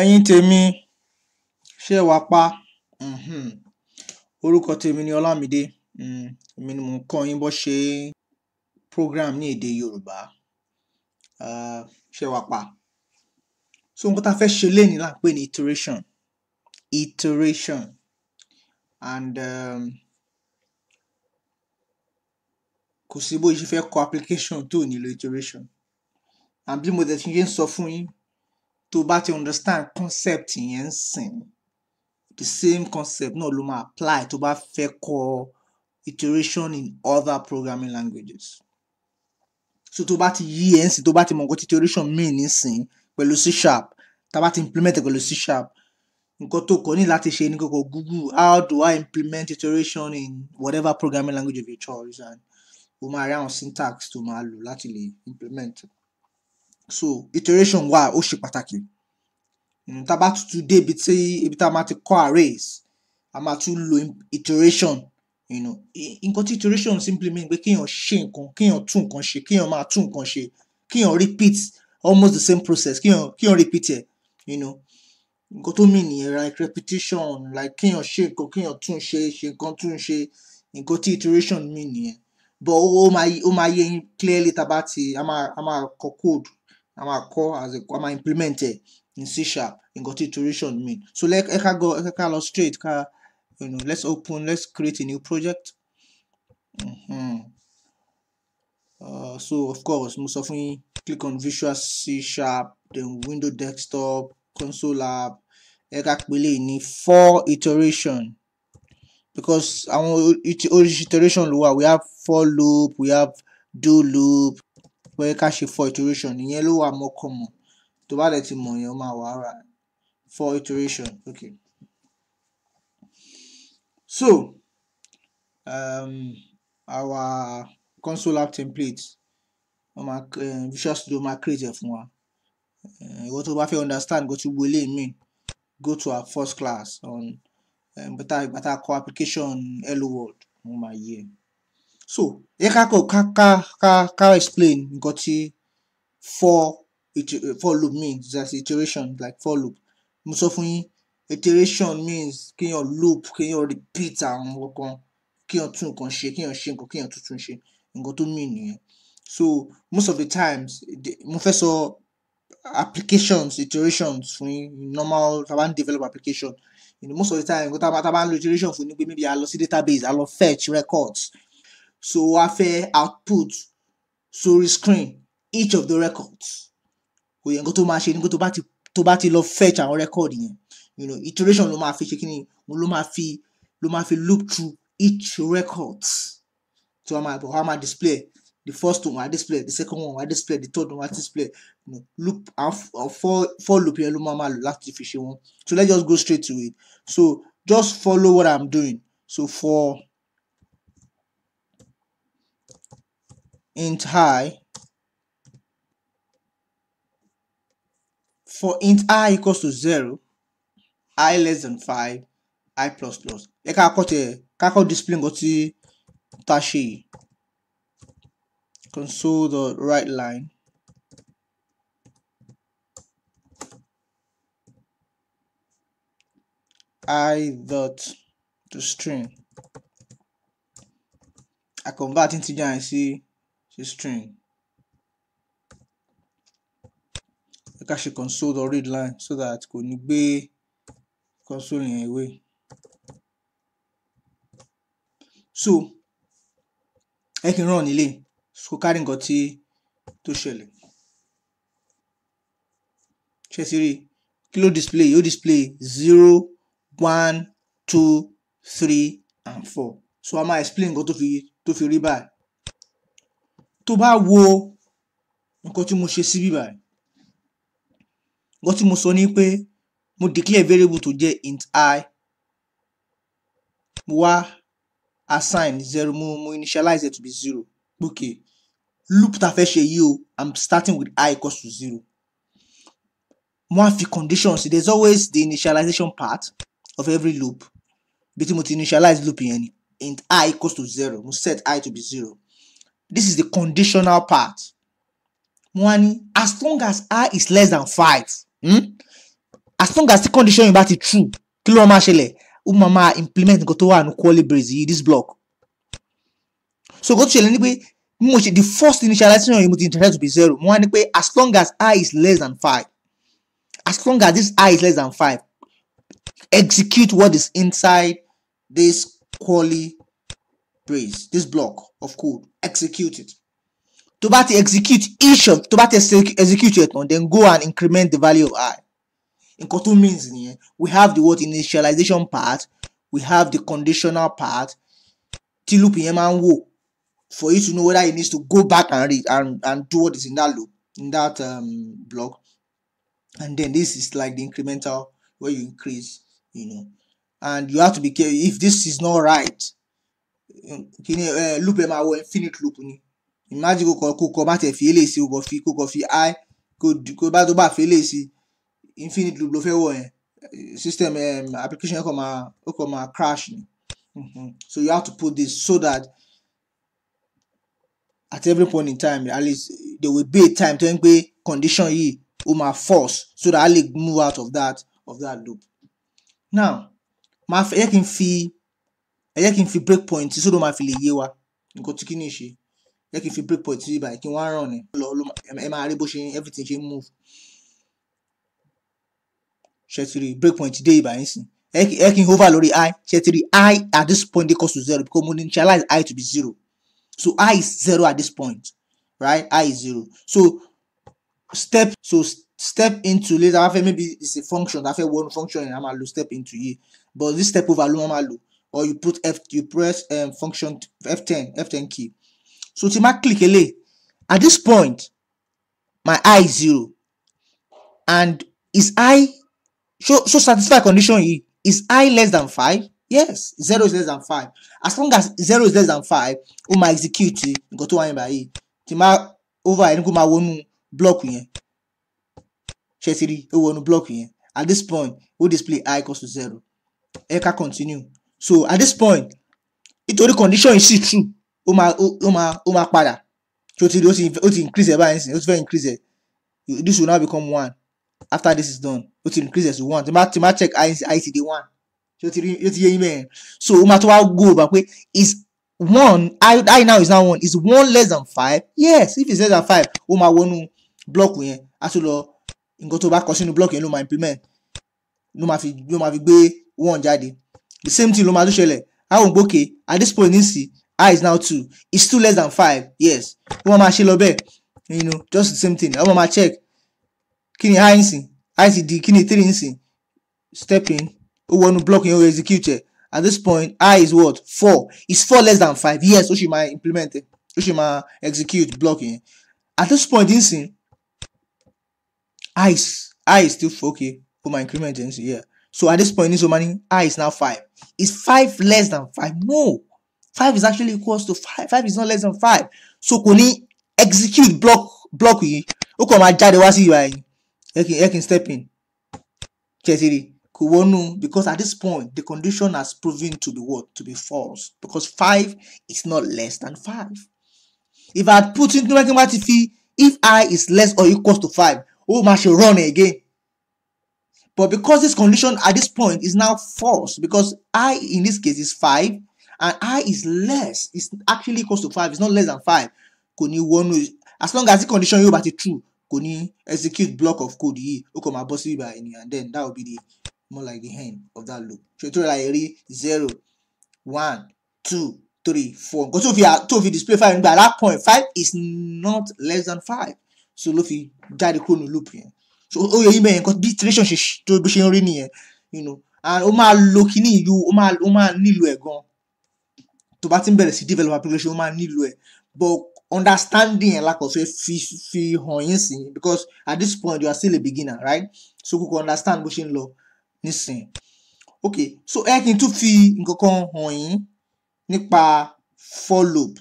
ẹ̀yin tèmi ṣé wàá pa um orúkọ tèmi ni ọlámidé um èmi ni mò ń kọ́ yín bó ṣe program ní èdè yorùbá uh, ṣé wàá pa so nǹkan tá a fẹ́ ṣe lénìí là ń pè ní iteration iteration and um, kò sí bó ṣe fẹ́ kọ application tó nílò iteration and bí mo tẹ̀ ti ń sọ fún yín tó bá ti understand concept yẹn ń sìn the same concept náà ló máa apply tó bá fẹ́ kọ́ iteration in other programming languages so tó bá ti yí ẹ̀ ń sìn tó bá ti mọ̀ nǹkan tí iteration mean ń sìn pẹ̀lú c sharp tá a bá ti implement pẹ̀lú c sharp nǹkan tó kọ́ ní láti ṣe ní kókó google how do I implement iteration in whatever programming language of your choice and o máa rí àwọn syntax tó máa lò láti lè implement so iteration wà ó ṣe pàtàkì hmm, tá a bá tún dé ibi tí ibi tá a máa ti kọ́ arrays a máa tún lo iteration you know nǹkan tí iteration simply mean pé kéèyàn ṣe nǹkan kéèyàn tún nǹkan ṣe kéèyàn máa tún nǹkan ṣe kéèyàn repeat almost the same process kéèyàn kéèyàn repeat ẹ̀ you know nǹkan tó mean nìyẹn like repetition like kéèyàn ṣe nǹkan kéèyàn tún ṣe ṣe nǹkan tún ṣe nǹkan tí iteration mean nìyẹn but ó máa ó máa yín clearly tá a bá ti a máa a máa kọ code a máa kọ́ as a a máa implement ẹ̀ in C sharp nǹkan tí iteration mean so ẹ ká go ẹ ká lọ straight ká you know let's open let's create a new project mm-hmm. uh, so of course mo sọ fún yín click on Visual C sharp then window desktop console app ẹ ká pèlè ní four iteration because àwọn oríṣi iteration ló wà we have four loop we have do loop Bó yẹ ká ṣe for iteration ìyẹn ló wà more common. Tó bá dẹ̀ ti mọ̀ yẹn ó máa wà alright. For iteration okay. So um our console app template wọ́n máa um Visual Studio máa create ẹ̀ fún wa. um Ìwọ tó bá fẹ́ understand nǹkan tí gbogbo eléyìí mean go to our first class on um ìgbà tá ìgbà tá application hello world ó máa yé ẹ so ẹ ká kọ ká ká ká ká explain nǹkan tí for four loop means that's iteration like four loop mo sọ fún yín iteration means kéèyàn loop kéèyàn repeat àwọn nǹkan kéèyàn tún nǹkan ṣe kéèyàn ṣe nǹkan kéèyàn tuntun ṣe nǹkan tó mean nìyẹn so most of the times mo fẹ́ sọ applications iterations fún normal tá a develop application you know, most of the time nǹkan tá a bá lo iteration fún ni pé maybe a lọ sí database a lọ fetch records so a fẹ́ output sórí screen each of the records kò yẹ nǹkan tó máa ṣe ní kó tó bá ti tó bá ti lọ fetch àwọn record yẹn you know iteration ló máa fi ṣe kíni òun ló máa fi ló máa fi loop through each records tí wọ́n máa bọ̀ wọ́n máa display the first one wá display the second one wá display the third one wá display you know, loop and four four loop yẹn ló máa máa lò láti fi ṣe wọn so let's just go straight to it so just follow what i'm doing so for int i for int i equals to zero i less than five i plus plus ẹ ká kọ́ tẹ̀ ká kọ́ display nǹkan tí tá a console the right line i dot to string i convert into yẹn sí ṣe string ẹ ká ṣe console dot read line so that kò be console in a way. so I can run ràn nílé kó kárí nǹkan to tó ṣẹlẹ̀ ṣe ti rí kí display You display zero one two three and four so I'm máa explain nǹkan tó to tó fi rí tó bá wo nǹkan tí mo ṣe síbí báyìí nǹkan tí mo sọ ni pé mo declare variable tó jẹ́ int i mo wá assign zero mo mo initialize it to be zero okay loop tá fẹ́ ṣe yìí o i'm starting with i equals to zero mo á fi conditions there's always the initialization part of every loop bí tí mo ti initialize loop yẹn ni int i equals to zero mo set i to be zero this is the conditional part mo as long as r is less than five hmm? as long as the condition yìí bá true kí ló máa ṣẹlẹ̀ ó máa máa implement nǹkan tó wà ní quali yìí this block so nǹkan tó ṣẹlẹ̀ ni pé mo ṣe the first initialization yìí mo ti intercept to be zero mo wá ní pé as long as r is less than five as long as this r is less than five execute what is inside this quali praise, this block of code, execute it. To about execute each of, to about execute it, and then go and increment the value of i. In Kotu means here, we have the word initialization part, we have the conditional part, till loop in and wo, for you to know whether it needs to go back and read and, and do what is in that loop, in that um, block. And then this is like the incremental where you increase, you know. And you have to be careful if this is not right, kíni loop ẹ máa wọ infinite loop ni imagine kò kọ kò kọ má tiẹ̀ fi eléyìí sí kò kọ fi kò kọ fi i kò bá tó bá fi eléyìí sí infinite loop ló fẹ́ wọ̀ yẹn system um, application yẹn kò máa ó kò máa crash ni mm -hmm. so you have to put this so that at every point in time at least there will be a time tó ń gbé condition yìí ó máa false so that a lè move out of that of that loop now màá fẹ́ yẹ kí n fi ẹ jẹ́ kí n fi break point sí sódò máa fi lè yé wa nǹkan tí kíní ṣe ẹ jẹ́ kí n fi break point sí ibà kí n wá ràn ní lọ ẹ máa rí bó ṣe everything ṣe ń move ṣẹtiri break point dé ibà yín sìn ẹ kí n hover lórí i ṣẹtiri i at this point dey equals to zero because mo initialize i to be zero so i is zero at this point right i is zero so step so step into later afẹ maybe it's a function afẹ one function I'm a máa lo step into yìí but this step over ló wọn máa lo or you put F you press um, function F10 F10 key so ti click ele at this point my i is zero and is i so so satisfy condition yìí is i less than five yes zero is less than five as long as zero is less than five ó máa execute nǹkan tó wà yẹn báyìí ti over ẹni kó máa wọnú block yẹn ṣe ti rí ó wọnú block yẹn at this point ó display i equals to zero ẹ continue so at this point nítorí condition yìí sì true ó máa ó máa ó máa padà tó ti ó ti ó ti increase ẹ báyìí nísìnyí ó ti fẹ́ increase ẹ this will now become one after this is done ó ti increase ẹ to one tí má tí má check i ti dey one tí ó ti rí ó ti yé yín mẹ́rin so ó máa tó wá go over pé is one i i now is now one is one less than five yes if it's less than five ó máa wọnú block yẹn á tún lọ nǹkan tó bá kọ sínú block yẹn ló máa implement ló máa fi ló máa fi gbé one jáde the same thing ló máa tún ṣẹlẹ̀ at this point nísì i is now two it's two less than five yes wọ́n máa ṣe lọ bẹ́ẹ̀ you know just the same thing wọ́n máa check Kini i nsìn i ti di kí three nsìn step in ó wọnú block yẹn ó execute at this point i is what four is four less than five yes ó sì máa implement ẹ̀ ó sì máa execute block yẹn at this point nsìn i is i is still four okay for my increment ẹ̀ yeah So at this point, in Isomani, I is now five. Is five less than five? No. Five is actually equals to five. Five is not less than five. So can he execute block block yìí. Ó kàn máa jáde wá sí ìwà yìí. Ekin Ekin step in. Chesiri. Kò wọnú because at this point the condition has proven to be what? To be false. Because five is not less than five. If I put into Ekin if I is less or equals to five, oh, máa ṣe run again. But because this condition at this point is now false, because i in this case is five, and i is less, it's actually equals to five. it's not less than five. Kò ní as long as the condition you bá it true kò execute block of code yìí ó kàn máa bọ́ sí ibà and then that will be the more like the end of that loop. So tó ra eré zero one two three four if nǹkan tó fi if you display five nígbà that point five is not less than five so ló fi die the ní loop yẹn so ó yẹ yín bẹ́ẹ̀ yẹn bí relationship ṣe tó bó ṣe ń rí nìyẹn you know and ó máa lo kíní ìlú ó máa ó máa nílò ẹ̀ gan tó bá ti ń bẹ̀rẹ̀ sí develop application ó máa nílò ẹ̀ but understanding ẹ̀ lákòóso fi fi hàn yín sí because at this point you are still a beginner right so kò kò understand bó ṣe ń lọ nísìnyí ok so ẹ kí n tún fi nǹkan kan hàn yín nípa for loop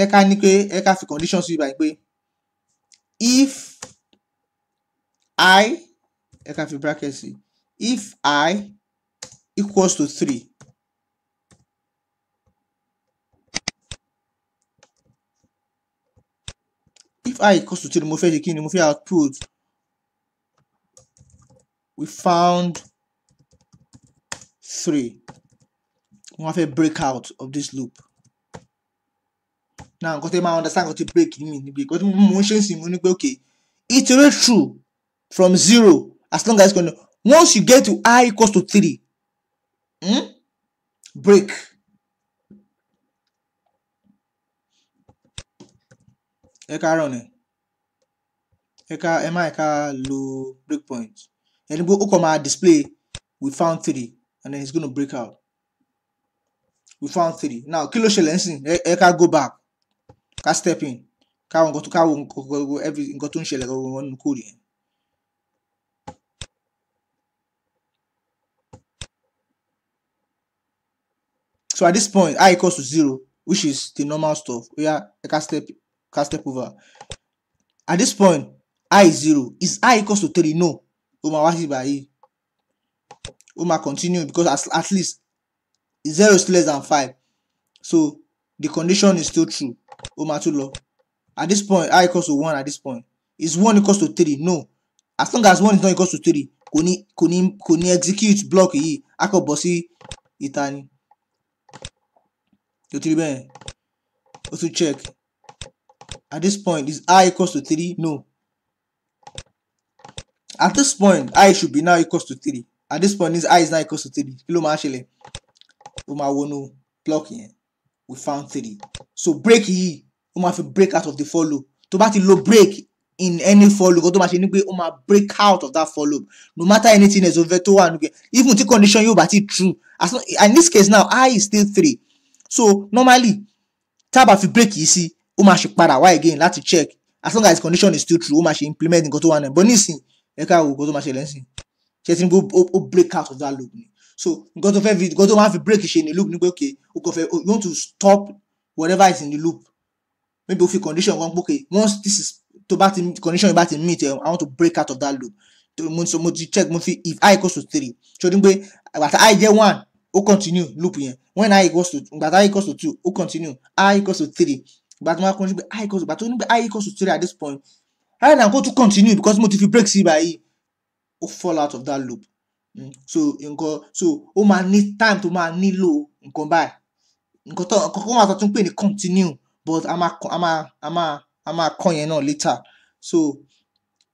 ẹ ká ní pé ẹ ká fi condition sí ibà yìí pé if i I ká fi bracket sí if i equals to three if i equals to three mo fẹ́ ṣe kí ni mo fẹ́ output we found three mo wá fẹ́ break out of this loop now nǹkan tẹ́ máa understand nǹkan tí break mean ni pé nǹkan tí mo ń ṣe ń sìn mo ní pé okay iterate through from zero as long as gonna. once you get to i equals to three hmm? break ẹ ká rọ ni ẹ ká ẹ má ẹ lo break point ẹni pé ó kàn máa display we found three and then it's gonna break out we found three now kí ló ṣẹlẹ̀ ń sìn ẹ go back ká step in ká wọ nǹkan tó ká wọ nǹkan tó ń ṣẹlẹ̀ gbogbo wọn nínú kóòdù yẹn. So at this point, i equals to zero, which is the normal stuff. We oh, are I can step, can step over. At this point, i is zero. Is i equals to 3? No. O ma wá sí báyìí. O continue because at, at least zero is less than five, So the condition is still true. O ma tún At this point, i equals to one. at this point. Is one equals to 3? No. As long as one is not equals to 3, kò ní kò ní kò ní execute block yìí. A kò sí ìta ni tó ti rí bẹ́ẹ̀ ó tún check at this point is i equals to three no at this point i should be now equals to three at this point is i is now equals to three kí ló máa ṣẹlẹ̀ ó máa wọnú block yẹn we found three so break yìí ó máa fi break out of the follow. loop tó bá ti lo break in any follow. loop kó tó máa ṣe ni pé ó máa break out of that follow. no matter anything else over tó wà nùgbẹ́ even tí condition yóò bá ti true as in this case now i is still three so normally tá a bá fi break yìí sí ó máa ṣe padà wá again láti check as long as condition is still true ó máa ṣe implement nǹkan tó wà náà but nísìn ẹ ká wo nǹkan tó máa ṣe lẹ́sìn ṣe ti ní kó ó break out of that loop ni so nǹkan tó fẹ́ fi nǹkan tó máa fi break ṣe ní loop ni pé okay o kò fẹ́ you want to stop whatever is in the loop maybe o fi condition kan pé okay once this is tó bá ti condition yìí bá ti meet um, I want to break out of that loop mo so mo ti check mo fi if i equals to three so ni pé àgbàtà i jẹ́ one ó continue loop yẹn when i equals to ìgbà tí i equals to two ó continue i equals to three ìgbà tí mo bá continue pé i equals to ìgbà tó ní pé i equals to three at this point I now go to continue because mo ti fi break sí báyìí ó fall out of that loop mm. so nǹkan so ó máa ní time tó máa nílò nǹkan báyìí nǹkan tó nǹkan kan wà tó tún pè ní continue but a máa a máa a máa a máa kàn yẹn náà later so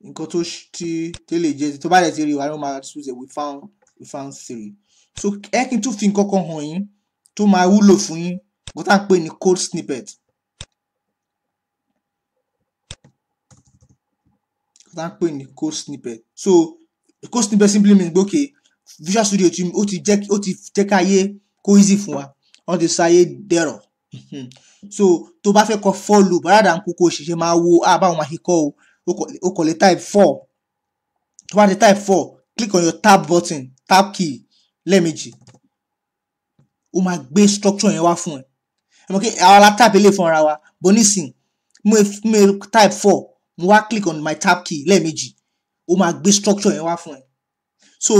nǹkan tó ti tó lè jẹ tó bá dẹ̀ ti rí wa ló máa ṣùgbọ́n we found we found three so ẹ kí n tún fi nǹkan kan hàn yín tó máa wúlò fún yín bó tá à pè ní code snippet bó tá à ń pè ní code snippet so code snippet simply means gbókè Visual Studio tí ó ti jẹ́ ó ti jẹ́ ká yé kó easy fún wa wọ́n ti sáyé dẹ̀rọ̀ hmm. so tó bá fẹ́ kọ for loop rárá dà ń kú kó ṣiṣẹ́ máa wo ah báwo máa ṣe kọ́ o o kò lè type four tó bá ti type four click on your tab button tab key lẹ́ẹ̀mejì ó máa gbé structure yẹn wá fún ẹ ẹ mọ̀ kí àwọn alátáàpì lè fún ara wa bonisin mo mo type four mo wá click on my tab key lẹ́ẹ̀mejì ó máa gbé structure yẹn wá fún ẹ so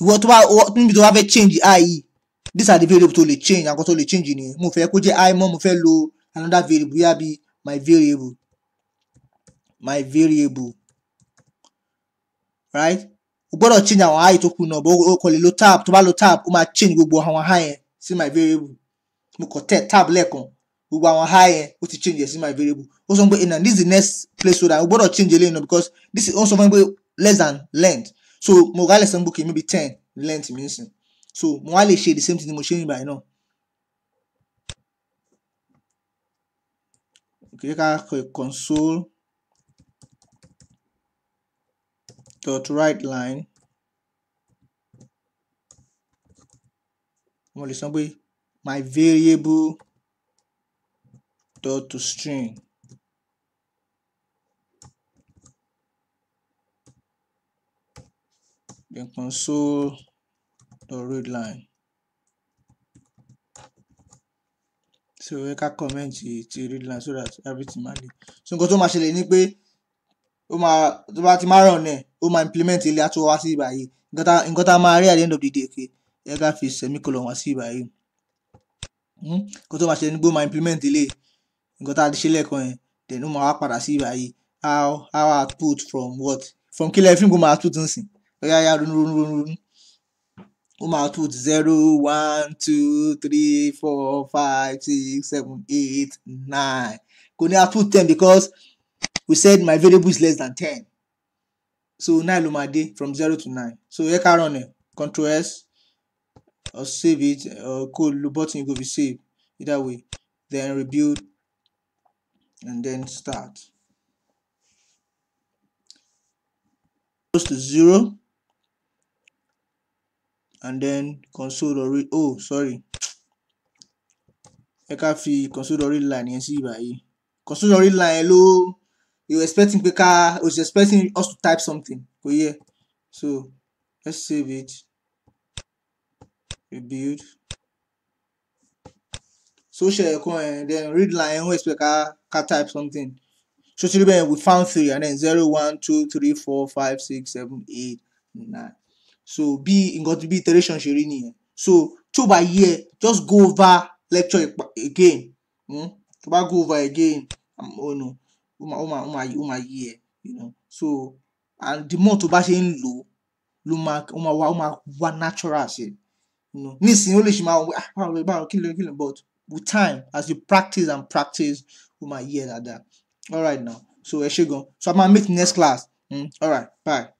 ìwọ tó bá níbi tó bá fẹ́ change i yìí these are the variables tó lè change àkọ́kọ́ tó lè change nìyẹn mo fẹ́ kó jẹ́ i mọ́ mo fẹ́ lo another variable yá bí my variable my variable right o gbọ́dọ̀ change àwọn high tó kù náà bó o kò lè lo tab tó bá lo tab ó máa change gbogbo àwọn high yẹn sí my variable mo kàn tẹ̀ tab lẹ́ẹ̀kan gbogbo àwọn high yẹn ó ti change yẹn sí my variable ó sọ pé ìnà this is the next placeholder o gbọ́dọ̀ change eléyìí náà because this is ó sọ fún mi pé less than length so mo wá lè sọ pé maybe ten length mi sìn so mo wá lè ṣe the same thing ni mo ṣe nígbà yẹn náà. okay ká console. dot right line mo lè sọ pé my variable dot to string then console dot read line so ẹ ká comment ti read line so that everything ma le so nǹkan tó máa ṣẹlẹ̀ ni pé ó máa tó bá ti máa ràn ẹ̀ ó máa implement ilé á tó wá sí ibà yìí nǹkan tá nǹkan tá máa rí at the end of the day ke ẹ ká fi semicolon wá sí ibà yìí nǹkan hmm? tó máa ṣe ni pé máa implement ilé nǹkan tá a ti ṣe lẹ́ẹ̀kan yẹn then ó máa wá padà sí ibà yìí how how output from what from kí lẹ́ẹ̀fín kó máa output nsìn ọ̀yá ya ronú ronú ronú ronú ó máa output zero one two three four five six seven eight nine kò ní output ten because we said my variable is less than ten so nine ló máa dé from zero to nine so ẹ ká run ẹ control s or save it or kó lo button you go be save either way then rebuild and then start close to zero and then console or read oh sorry ẹ ká fi console or read line yẹn sí ibà yìí console or read line yẹn ló. Lo you were expecting pé ká was expecting us to type something kò yẹ so let's save it rebuild so ṣe ẹ̀kan ẹ̀ eh, then read line wọ́n expect ká ká type something so ṣe bẹ́ẹ̀ we found three and then zero one two three four five six seven eight nine so bí nǹkan bí iteration ṣe rí nìyẹn so two by bá just go over lecture again Hmm. tó go over again um, oh no ó máa ó máa ó máa ó máa yé ẹ you know so and the more tó bá ṣe ń lò ló máa ó máa wá ó máa wá natural ṣe you know nísìnyí ó lè ṣe máa wọ ah báwo báwo kí ló kí ló but with time as you practice and practice ó máa yé ẹ dáadáa alright now so ẹ ṣé gan so i ma make next class mm? alright bye.